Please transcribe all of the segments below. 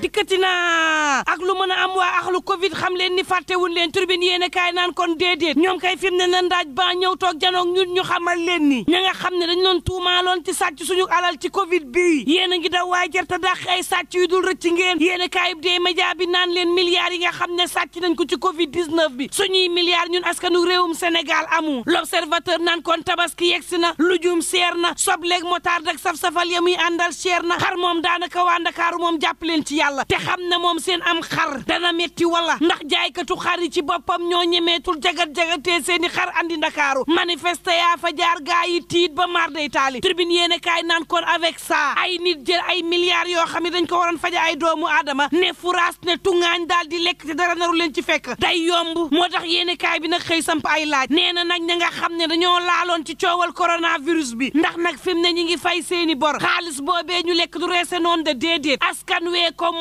dikkati naa ak lu mën a am waa axlu covid xam leen ni fàttewun leen turbine yéen a kaay naan kon déedéet ñoom kay fi mu ne na ndaaj ba ñëw toog janoog ñun ñu xamal leen ni ña nga xam ne dañ doon tuumaaloon ci sàcc suñu alal ci covid bii yéen a ngi daw waay jërta dàq ay sacc yu dul rëcc ngeen yéen a kaay bi dee média bi naan leen milliards yi nga xam ne sàcc nañ ko ci covid 19 bi suñuy milliards ñun askanu réewum Sénégal amu l'observateur naan kon tabaski yegsi na lujum seer na sobleeg motard ak saf-safal ya muy àndal seer na xar moom daanaka waa Ndakaaru moom jàpp ci yàlla te xam ne moom seen am xar dana metti wala ndax jaaykatu xar yi ci boppam ñoo ñemeetul jagat-jagatee seen i xar andi ndakaaru manifeste yaa fa jaar gaa yi tiit ba mar day taali tribune yéene kaay naan kon avec ça ay nit jël ay milliards yoo xam ne dañ ko waroon faja ay doomu aadama ne furaas ne tungaañ daal di lekk dara naru leen ci fekk day yomb moo tax yéene kaay bi nag xëy samp ay laaj nee na nag ña nga xam ne dañoo laaloon ci coowal coronavirus bi ndax nag fi mu fay seeni bor xaalis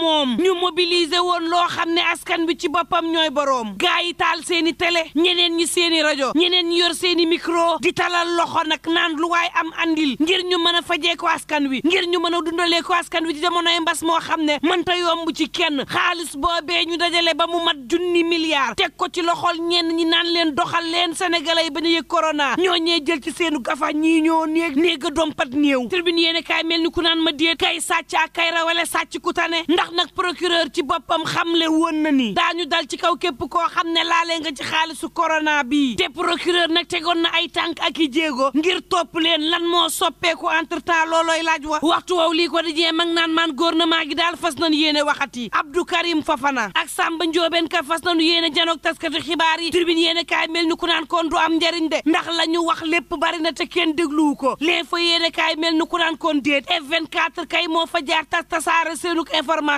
moom ñu mobiliser woon loo xam ne askan bi ci boppam ñooy boroom gaa yi taal seeni tele ñeneen ñi seeni rajo ñeneen ñi yor seeni micro di talal loxo nag naan lu am andil ngir ñu mën a fajee ko askan wi ngir ñu mën a dundalee ko askan wi ci jamonoy mbas moo xam ne mënta yomb ci kenn xaalis boobee ñu dajale ba mu mat junni milliard teg ko ci loxol ñenn ñi naan leen doxal leen sénégalais yi ba ñu yëg corona ñoo ñee jël ci seenu gafa ñii ñoo néeg néeg a dompat néew tribune yéene kaay mel ni ku naan ma déet kay sàcc ak kay sàcc ku tane ndax nag procureur ci boppam le woon na ni daa ñu dal ci kaw képp koo xam ne laalee nga ci xaalisu corona bii te procureur nag tegoon na ay tànk ak i jéego ngir topp leen lan moo soppeeku entre temps loolooy laaj wa waxtu woowu lii ko di jee mag naan maan maa gi daal fas nañu yéene waxati Abdou Karim Fafana ak Samba Ndiobène Ka fas nañu yéene janoog taskatu xibaar yi tribune yéene kaay mel ni ku naan kon du am njariñ ndax la ñu wax lépp bari na te kenn dégluwu ko l'info yéene kaay mel ni ku naan kon déet F24 kay moo fa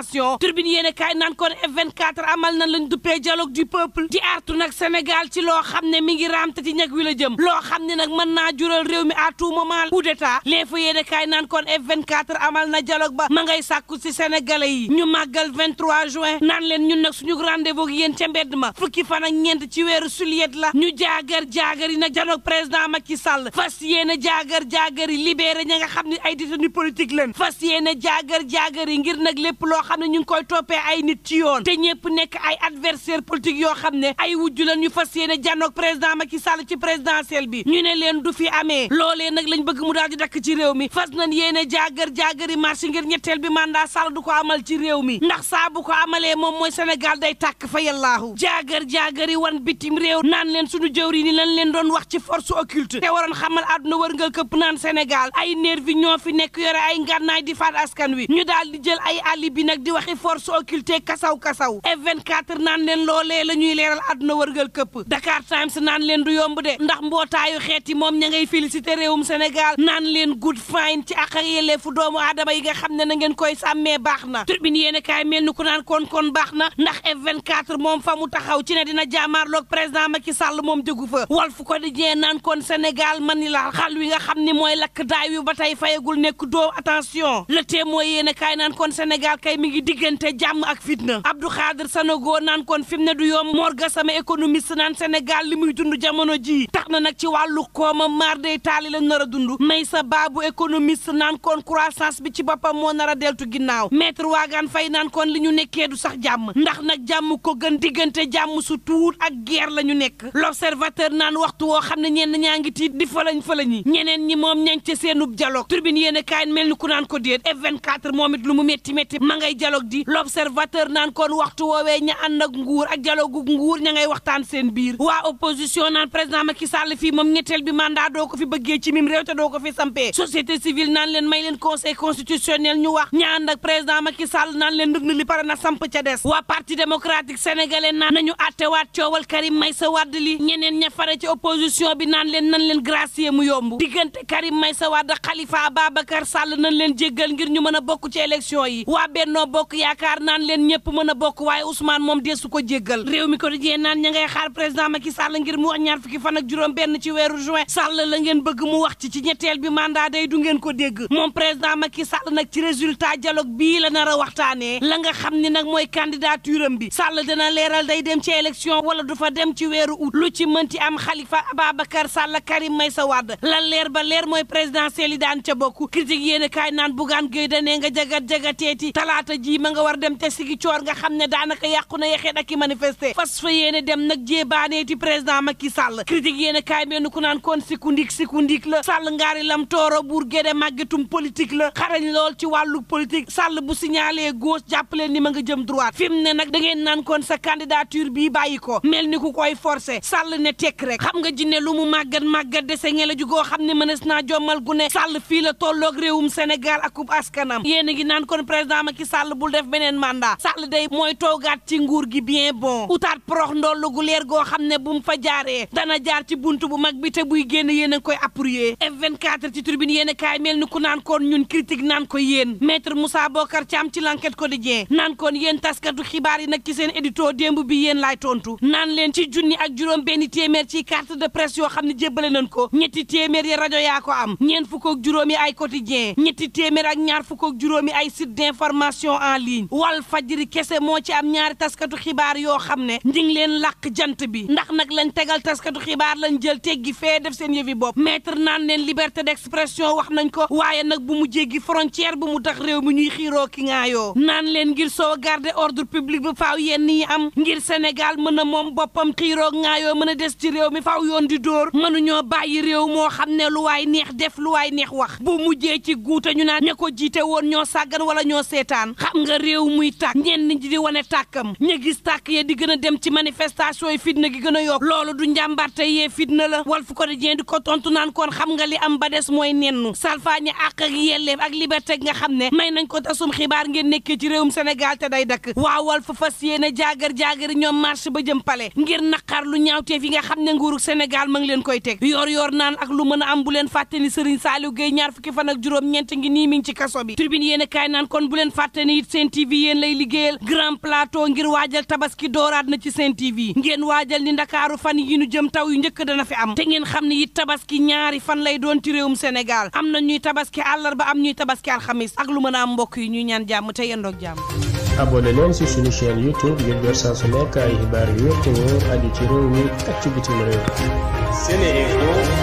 libération turbine yéen a kaay naan kon F24 amal nañ lañ duppee dialogue du peuple di artu nag Sénégal ci loo xam ne mi ngi raam te ci ñag wi la jëm loo xam ne nag mën naa jural réew mi à tout moment coup d'état l'info yéen a kaay naan kon F24 amal na dialogue ba ma ngay sàkku si sénégalais yi ñu màggal 23 juin naan leen ñun nag suñu rendez-vous gi yéen ca mbedd ma fukki fan ak ñeent ci weeru suliet la ñu jaagar jaagar yi nag janoog président Macky Sall fas yéene jaagar jaagar yi libéré ña nga xam ne ay détenu politique lañ fas yéene jaagar jaagar yi ngir nag lépp xam ne ñu ngi koy toppee ay nit ci yoon te ñëpp nekk ay adversaire politique yoo xam ne ay wujju lan ñu fas yéene jànnoog président Macky Sall ci présidentielle bi ñu ne leen du fi amee loolee nag lañ bëgg mu daal di dakk ci réew mi fas nañ yéene jaagar jaagari marché ngir ñetteel bi mandat Sall ko amal ci réew mi ndax saa ko amalee moom mooy Sénégal day tàkk fa yàllaahu jaagar jaagari wan bitim réew naan leen suñu jëwri ni lañ leen doon wax ci force occulte te waroon xamal àdduna wërngal këpp naan Sénégal ay nervi ñoo fi nekk yore ay ngànnaay di faat askan wi ñu daal di jël ay alibi nag di waxi force occulte kasaw-kasaw F24 naan leen loolee la ñuy leeral àdduna wërgal këpp Dakar Times naan leen du yomb de ndax mbootaayu xeet yi moom ña ngay félicité réewum senegal naan leen good fine ci àq ak fu doomu adama yi nga xam ne na ngeen koy sàmmee baax na turbine yéen kaay mel ni ku naan kon kon baax na ndax F24 moom fa mu taxaw ci ne dina jaamaarloog président Macky Sall moom déggu fa Walf Quotidien naan kon Sénégal man ni la wi nga xam ni mooy lakk daay ba tey fayagul nekk doo attention le témoin yéen kaay naan kon Sénégal kay mi ngi diggante jàmm ak fitna Abdou Khadir Sanogo naan kon fi mu ne du yomb Morga sama économiste naan senegal li muy dund jamono jii tax na nag ci wàllu kooma maar day taali la nar a dund may sa baabu économiste naan kon croissance bi ci boppam moo nar a deltu ginnaaw maître waagaan fay naan kon li ñu nekkee du sax jàmm ndax nag jàmm ko gën diggante jàmm su tuut ak guerre la ñu nekk l'observateur naan waxtu woo xam ne ñeen ñaa ngi tiit di falañ falañi ñeneen ñi moom ñañ ca seenub dialogue turbine yéen a kaay mel ku naan ko déet f moom it lu mu métti métti ma ay dialogue di l'observateur naan kon waxtu woowee ña ànd nguur ak dialogue nguur ña ngay waxtaan seen biir waa opposition naan président Macky Sall fii moom ñetteel bi mandat doo ko fi bëggee ci mim réew te doo ko fi sampee société civile naan leen may leen conseil constitutionnel ñu wax ña ànd ak président Macky Sall naan leen ndëg na li pare na samp ca des waa parti démocratique sénégalais naan nañu attewaat coowal Karim Meïssa Wade li ñeneen ña fare ci opposition bi naan leen nan leen gracier mu yomb diggante Karim Meïssa Wade Khalifa Ababacar Sall nañ leen jéggal ngir ñu mën a bokk ci élection yi Benno Bokk Yaakaar naan leen ñëpp mën a bokk waaye Ousmane moom deesu ko jéggal réew mi ko dijee naan ña ngay xaar président Macky Sall ngir mu wax ñaar fukki fan juróom benn ci weeru juin Sall la ngeen bëgg mu wax ci ci ñetteel bi mandat day du ngeen ko dégg moom président Macky Sall nag ci résultat dialogue bii la nar a waxtaanee la nga xam ni nag mooy candidature am bi Sall dina leeral day dem ci élection wala du fa dem ci weeru août lu ci mënti am Khalifa Ababacar Sall Karim Meïssa Wade la leer ba leer mooy présidentielle yi daan ca bokk critique yéen kaay naan bugaan géy danee nga jagat jagateeti talaata talaata ji ma nga war dem te sigi coor nga xam ne daanaka yàqu na yexeet ak i fas fa yéene dem nag jéebaaneeti ma Macky Sall critique yéene kaay benn ku naan kon sikundik sikundik la Sall ngaari lam tooro buur géde tum politique la xarañ lool ci wàllu politique Sall bu signalé gauche jàppaleen ni ma nga jëm droite fi mu ne nag da ngeen naan kon sa candidature bii bàyyi ko mel ni ku koy forcé Sall ne tekk rek xam nga jinne lu mu màggat màggat dese ngela ju goo xam ne mënees naa jommal gu ne Sall fii la tolloog réewum Sénégal akub askanam yéena ngi Sall bul def beneen mandat day mooy toogaat ci nguur gi bien bon utaat prox ndollu gu leer goo xam ne bu mu fa jaaree dana jaar ci buntu bu mag bi te buy génn yéen a koy appuyer F24 ci tribune yéen a kaay mel ni ku naan koon ñun critique naan ko yéen maître Moussa Bokar Thiam ci ko l'enquête quotidien naan koon yéen taskatu xibaar yi nag ci seen édito démb bi yéen laay tontu naan leen ci junni ak juróom benn téeméer ci carte de presse yoo xam ne jébbale nañ ko ñetti téeméer rajo yaa ko am ñeent fukk ak juróomi ay quotidien ñetti téeméer ak ñaar fukk ak juróomi ay site d'information télévision en ligne wal fajri kese moo ci am ñaari taskatu xibaar yoo xam ne ñi leen làq jant bi ndax nag lañ tegal taskatu xibaar lañ jël teggi fee def seen yëfi bopp maître naan leen liberté d'expression wax nañ ko waaye nag bu mu jéggi frontière bu mu tax réew mi ñuy xiiroo ki ngaayoo naan leen ngir soo garder ordre public ba faaw yenn yi am ngir Sénégal mën na moom boppam xiiroo ngaayoo mën a des ci réew mi faw yoon di dóor mënuñoo bàyyi réew moo xam ne lu waay neex def lu waay neex wax bu mujjee ci guute ñu naan ña ko jiite woon ñoo sàggan wala ñoo seetaan xam nga réew muy tàkk ñenn ñi di wane tàkkam ña gis tàkk ya di gën a dem ci manifestation yi fitna gi gën a yokk loolu du njàmbaarte yee fitna la Walf Quotidien di ko tontu naan kon xam nga li am ba des mooy nennu salfaañe àq ak yelleef ak liberté nga xam ne may nañ ko tasum xibaar ngeen nekkee ci réewum senegal te day dakk waa Walf fas yéene jaagar jaagari ñoom marche ba jëm pale ngir naqar lu ñaawteef yi nga xam ne nguuru Sénégal ma ngi leen koy teg yor yor naan ak lu mën a am bu leen fàtte ni Serigne Saliou Gueye ñaar fan juróom ñeent ngi nii mi ngi ci kaso bi tribune bu leen fàtte ne it seen TV yéen lay liggéeyal grand plateau ngir waajal tabaski dooraat na ci seen TV ngeen waajal ni ndakaaru fan yi nu jëm taw yu njëkk dana fi am te ngeen xam ne it tabaski ñaari fan lay doon ci réewum senegal am na ñuy tabaski àllarba am ñuy tabaski alxamis ak lu mën a am mbokk yi ñuy ñaan jàmm te yendoog jàmm abonné leen ci suñu chaîne ngir jot saa su nekk ay xibaar yu wér te wóor aju ci réew mi ak bitim réew